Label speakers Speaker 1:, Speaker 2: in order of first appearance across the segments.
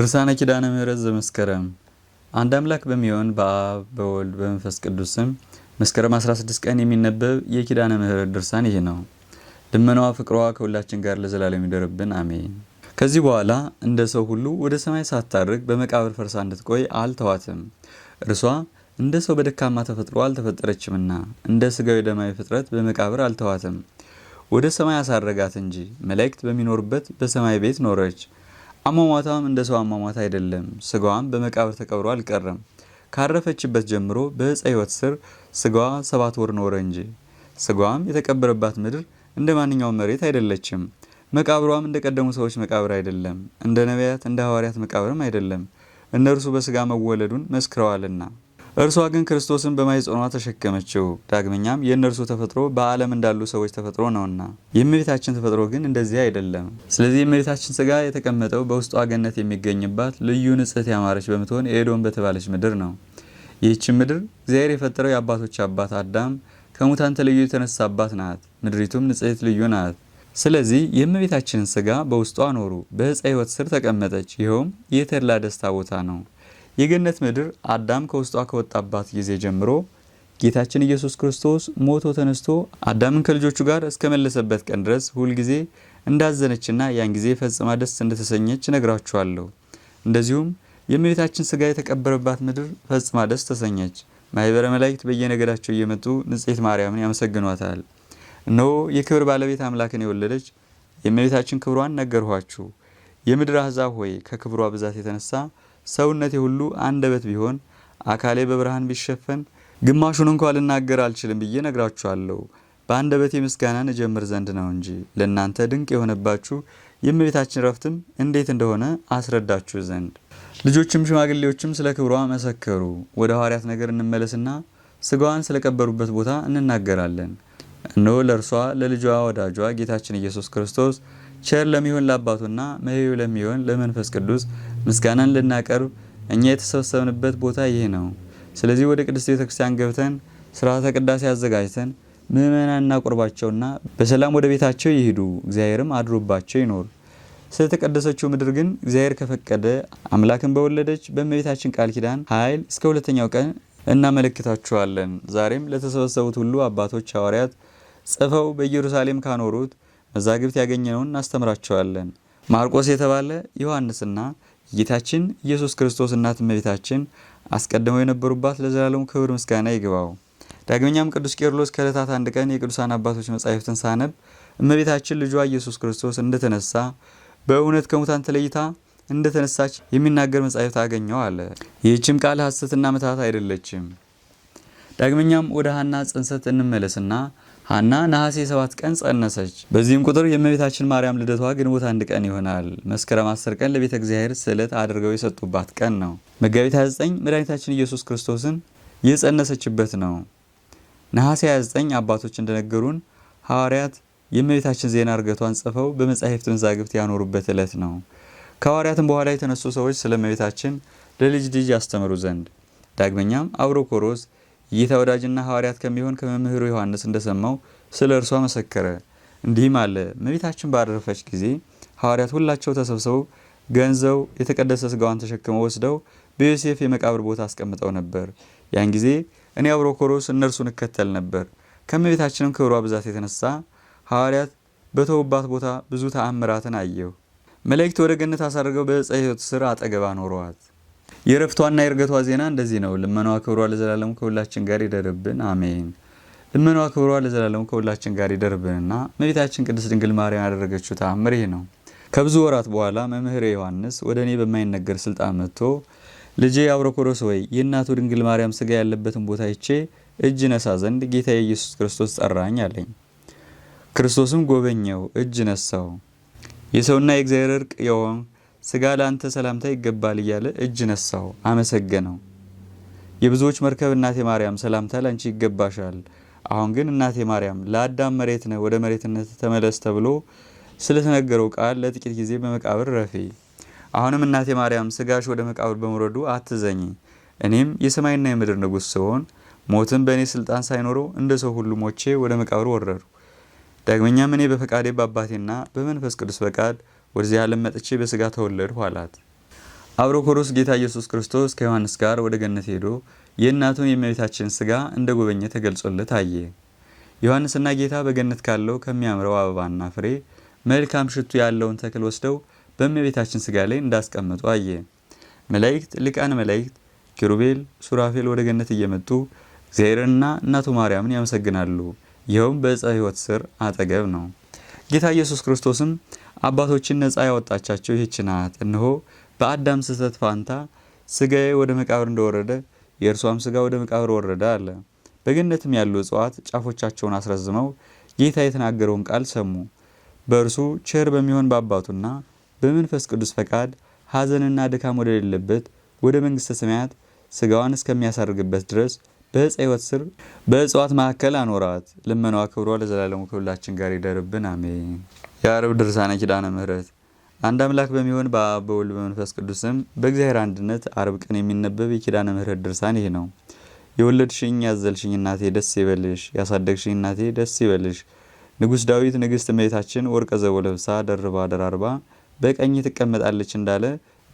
Speaker 1: ድርሳነ ኪዳነ ምሕረት ዘመስከረም አንድ አምላክ በሚሆን በአብ በወልድ በመንፈስ ቅዱስ ስም መስከረም 16 ቀን የሚነበብ የኪዳነ ምሕረት ድርሳን ይህ ነው። ልመናዋ ፍቅሯ ከሁላችን ጋር ለዘላለም ይደርብን፣ አሜን። ከዚህ በኋላ እንደ ሰው ሁሉ ወደ ሰማይ ሳታርግ በመቃብር ፈርሳ እንድትቆይ አልተዋትም። እርሷ እንደ ሰው በደካማ ተፈጥሮ አልተፈጠረችምና እንደ ስጋዊ ደማዊ ፍጥረት በመቃብር አልተዋትም፣ ወደ ሰማይ አሳረጋት እንጂ መላእክት በሚኖርበት በሰማይ ቤት ኖረች። አሟሟቷም እንደ ሰው አሟሟት አይደለም። ስጋዋም በመቃብር ተቀብሮ አልቀረም። ካረፈችበት ጀምሮ በእፀ ሕይወት ስር ስጋዋ ሰባት ወር ኖረ እንጂ ስጋዋም የተቀበረባት ምድር እንደ ማንኛውም መሬት አይደለችም። መቃብሯም እንደ ቀደሙ ሰዎች መቃብር አይደለም፣ እንደ ነቢያት እንደ ሐዋርያት መቃብርም አይደለም። እነርሱ በስጋ መወለዱን መስክረዋልና እርሷ ግን ክርስቶስን በማኅፀኗ ተሸከመችው። ዳግመኛም የእነርሱ ተፈጥሮ በዓለም እንዳሉ ሰዎች ተፈጥሮ ነውና የእመቤታችን ተፈጥሮ ግን እንደዚህ አይደለም። ስለዚህ የእመቤታችን ስጋ የተቀመጠው በውስጧ ገነት የሚገኝባት ልዩ ንጽሕት ያማረች በምትሆን ኤዶም በተባለች ምድር ነው። ይህች ምድር እግዚአብሔር የፈጠረው የአባቶች አባት አዳም ከሙታን ተለዩ የተነሳባት ናት። ምድሪቱም ንጽሕት ልዩ ናት። ስለዚህ የእመቤታችንን ስጋ በውስጧ ኖሩ። በዕፀ ሕይወት ስር ተቀመጠች። ይኸውም የተድላ ደስታ ቦታ ነው። የገነት ምድር አዳም ከውስጧ ከወጣባት ጊዜ ጀምሮ ጌታችን ኢየሱስ ክርስቶስ ሞቶ ተነስቶ አዳምን ከልጆቹ ጋር እስከመለሰበት ቀን ድረስ ሁልጊዜ እንዳዘነችና ያን ጊዜ ፈጽማ ደስ እንደተሰኘች ነግራችኋለሁ። እንደዚሁም የእመቤታችን ስጋ የተቀበረባት ምድር ፈጽማ ደስ ተሰኘች። ማህበረ መላእክት በየነገዳቸው እየመጡ ንጽሕት ማርያምን ያመሰግኗታል። እነሆ የክብር ባለቤት አምላክን የወለደች የእመቤታችን ክብሯን ነገርኋችሁ። የምድር አሕዛብ ሆይ ከክብሯ ብዛት የተነሳ ሰውነቴ ሁሉ አንደበት ቢሆን አካሌ በብርሃን ቢሸፈን ግማሹን እንኳ ልናገር አልችልም ብዬ ነግራችኋለሁ። በአንደበቴ ምስጋናን እጀምር ዘንድ ነው እንጂ ለእናንተ ድንቅ የሆነባችሁ የእመቤታችን ረፍትም እንዴት እንደሆነ አስረዳችሁ ዘንድ። ልጆችም ሽማግሌዎችም ስለ ክብሯ መሰከሩ። ወደ ሐዋርያት ነገር እንመለስና ስጋዋን ስለቀበሩበት ቦታ እንናገራለን። እነሆ ለእርሷ ለልጇ ወዳጇ ጌታችን ኢየሱስ ክርስቶስ ቸር ለሚሆን ለአባቱና መሪው ለሚሆን ለመንፈስ ቅዱስ ምስጋናን ልናቀርብ እኛ የተሰበሰብንበት ቦታ ይህ ነው። ስለዚህ ወደ ቅድስት ቤተ ክርስቲያን ገብተን ስርዓተ ቅዳሴ አዘጋጅተን ምእመናን እናቆርባቸውና በሰላም ወደ ቤታቸው ይሄዱ፣ እግዚአብሔርም አድሮባቸው ይኖር። ስለተቀደሰችው ምድር ግን እግዚአብሔር ከፈቀደ አምላክን በወለደች በእመቤታችን ቃል ኪዳን ኃይል እስከ ሁለተኛው ቀን እናመለክታችኋለን። ዛሬም ለተሰበሰቡት ሁሉ አባቶች ሐዋርያት ጽፈው በኢየሩሳሌም ካኖሩት መዛግብት ያገኘነውን እናስተምራቸዋለን። ማርቆስ የተባለ ዮሐንስና ጌታችን ኢየሱስ ክርስቶስ እናት እመቤታችን አስቀድመው የነበሩባት ለዘላለሙ ክብር ምስጋና ይግባው። ዳግመኛም ቅዱስ ቄርሎስ ከእለታት አንድ ቀን የቅዱሳን አባቶች መጻሕፍትን ሳነብ እመቤታችን ልጇ ኢየሱስ ክርስቶስ እንደተነሳ በእውነት ከሙታን ተለይታ እንደተነሳች የሚናገር መጻሕፍት አገኘው አለ። ይህችም ቃል ሐሰትና ምትሃት አይደለችም። ዳግመኛም ወደ ሀና ጽንሰት እንመለስና ሀና ነሐሴ ሰባት ቀን ጸነሰች። በዚህም ቁጥር የእመቤታችን ማርያም ልደቷ ግንቦት አንድ ቀን ይሆናል። መስከረም 10 ቀን ለቤተ እግዚአብሔር ስዕለት አድርገው የሰጡባት ቀን ነው። መጋቢት 29 መድኃኒታችን ኢየሱስ ክርስቶስን የጸነሰችበት ነው። ነሐሴ 29 አባቶች እንደነገሩን ሐዋርያት የእመቤታችን ዜና እርገቷን ጽፈው በመጻሕፍት መዛግብት ያኖሩበት ዕለት ነው። ከሐዋርያትም በኋላ የተነሱ ሰዎች ስለ እመቤታችን ለልጅ ልጅ ያስተምሩ ዘንድ ዳግመኛም አብሮኮሮስ ጌታ ወዳጅና ሐዋርያት ከሚሆን ከመምህሩ ዮሐንስ እንደሰማው ስለ እርሷ መሰከረ፣ እንዲህም አለ። እመቤታችን ባረፈች ጊዜ ሐዋርያት ሁላቸው ተሰብስበው ገንዘው የተቀደሰ ስጋዋን ተሸክመው ወስደው በዮሴፍ የመቃብር ቦታ አስቀምጠው ነበር። ያን ጊዜ እኔ አብሮኮሮስ እነርሱን እከተል ነበር። ከእመቤታችንም ክብሯ ብዛት የተነሳ ሐዋርያት በተውባት ቦታ ብዙ ተአምራትን አየሁ። መላእክት ወደ ገነት አሳርገው በዕፀ ሕይወት ስር አጠገባ ኖረዋት። የእረፍቷና የእርገቷ ዜና እንደዚህ ነው። ልመናዋ ክብሯ ለዘላለሙ ከሁላችን ጋር ይደርብን፣ አሜን። ልመናዋ ክብሯ ለዘላለሙ ከሁላችን ጋር ይደርብንና እመቤታችን ቅድስት ድንግል ማርያም ያደረገችው ተአምር ይህ ነው። ከብዙ ወራት በኋላ መምህር ዮሐንስ ወደ እኔ በማይነገር ስልጣን መጥቶ ልጄ አብሮኮሮስ ወይ የእናቱ ድንግል ማርያም ስጋ ያለበትን ቦታ ይቼ እጅ ነሳ ዘንድ ጌታ የኢየሱስ ክርስቶስ ጠራኝ አለኝ። ክርስቶስም ጎበኘው፣ እጅ ነሳው። የሰውና የእግዚአብሔር እርቅ የሆን ስጋ ለአንተ ሰላምታ ይገባል እያለ እጅ ነሳው፣ አመሰገነው። የብዙዎች መርከብ እናቴ ማርያም ሰላምታ ላንቺ ይገባሻል። አሁን ግን እናቴ ማርያም ለአዳም መሬት ነህ፣ ወደ መሬትነት ተመለስ ተብሎ ስለተነገረው ቃል ለጥቂት ጊዜ በመቃብር ረፊ። አሁንም እናቴ ማርያም ስጋሽ ወደ መቃብር በመውረዱ አትዘኝ። እኔም የሰማይና የምድር ንጉሥ ስሆን ሞትን በእኔ ስልጣን ሳይኖረው እንደ ሰው ሁሉ ሞቼ ወደ መቃብር ወረዱ። ዳግመኛም እኔ በፈቃዴ በአባቴና በመንፈስ ቅዱስ ፈቃድ ወደዚህ ዓለም መጥቼ በስጋ ተወለድሁ አላት። አብሮኮሮስ ጌታ ኢየሱስ ክርስቶስ ከዮሐንስ ጋር ወደ ገነት ሄዶ የእናቱን የእመቤታችን ስጋ እንደ ጎበኘ ተገልጾለት አየ። ዮሐንስና ጌታ በገነት ካለው ከሚያምረው አበባና ፍሬ መልካም ሽቱ ያለውን ተክል ወስደው በእመቤታችን ስጋ ላይ እንዳስቀመጡ አየ። መላእክት፣ ሊቃነ መላእክት፣ ኪሩቤል፣ ሱራፌል ወደ ገነት እየመጡ እግዚአብሔርንና እናቱ ማርያምን ያመሰግናሉ። ይኸውም በዕፀ ሕይወት ስር አጠገብ ነው። ጌታ ኢየሱስ ክርስቶስም አባቶችን ነፃ ያወጣቻቸው ይህች ናት። እነሆ በአዳም ስህተት ፋንታ ስጋዬ ወደ መቃብር እንደወረደ የእርሷም ስጋ ወደ መቃብር ወረደ አለ። በገነትም ያሉ እጽዋት ጫፎቻቸውን አስረዝመው ጌታ የተናገረውን ቃል ሰሙ። በእርሱ ቸር በሚሆን በአባቱና በመንፈስ ቅዱስ ፈቃድ ሐዘንና ድካም ወደሌለበት ወደ መንግሥተ ሰማያት ስጋዋን እስከሚያሳርግበት ድረስ በዕፀ ሕይወት ስር በእጽዋት መካከል አኖራት። ልመናዋ ክብሯ ለዘላለሙ ከሁላችን ጋር ይደርብን፣ አሜን። የአርብ ድርሳነ ኪዳነ ምሕረት አንድ አምላክ በሚሆን በአብ በወልድ በመንፈስ ቅዱስም በእግዚአብሔር አንድነት አርብ ቀን የሚነበብ የኪዳነ ምሕረት ድርሳን ይህ ነው። የወለድሽኝ ያዘልሽኝ እናቴ ደስ ይበልሽ፣ ያሳደግሽኝ እናቴ ደስ ይበልሽ። ንጉሥ ዳዊት ንግሥት እመቤታችን ወርቀ ዘቦ ለብሳ ደርባ ደራርባ በቀኝ ትቀመጣለች እንዳለ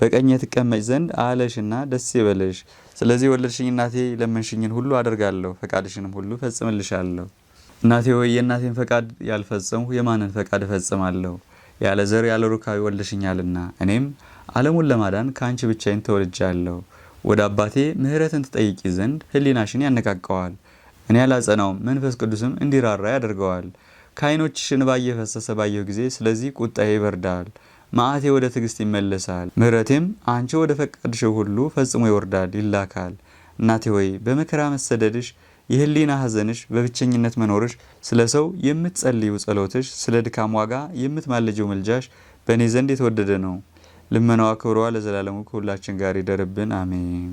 Speaker 1: በቀኝ ትቀመጭ ዘንድ አለሽና ደስ ይበልሽ። ስለዚህ የወለድሽኝ እናቴ፣ ለመንሽኝን ሁሉ አደርጋለሁ፣ ፈቃድሽንም ሁሉ ፈጽምልሻለሁ። እናቴ ወይ የእናቴን ፈቃድ ያልፈጸምሁ የማንን ፈቃድ እፈጽማለሁ? ያለ ዘር ያለ ሩካቢ ወልደሽኛልና እኔም ዓለሙን ለማዳን ከአንቺ ብቻዬን ተወልጃለሁ። ወደ አባቴ ምሕረትን ትጠይቂ ዘንድ ሕሊናሽን ያነቃቀዋል፣ እኔ ያላጸናውም፣ መንፈስ ቅዱስም እንዲራራ ያደርገዋል። ከዓይኖችሽ እንባ እየፈሰሰ ባየሁ ጊዜ ስለዚህ ቁጣዬ ይበርዳል፣ መዓቴ ወደ ትዕግስት ይመለሳል። ምሕረቴም አንቺ ወደ ፈቀድሽው ሁሉ ፈጽሞ ይወርዳል፣ ይላካል። እናቴ ሆይ በመከራ መሰደድሽ የህሊና ሐዘንሽ፣ በብቸኝነት መኖርሽ፣ ስለ ሰው የምትጸልዩ ጸሎትሽ፣ ስለ ድካም ዋጋ የምትማልጀው ምልጃሽ በእኔ ዘንድ የተወደደ ነው። ልመናዋ ክብረዋ ለዘላለሙ ከሁላችን ጋር ይደርብን፣ አሜን።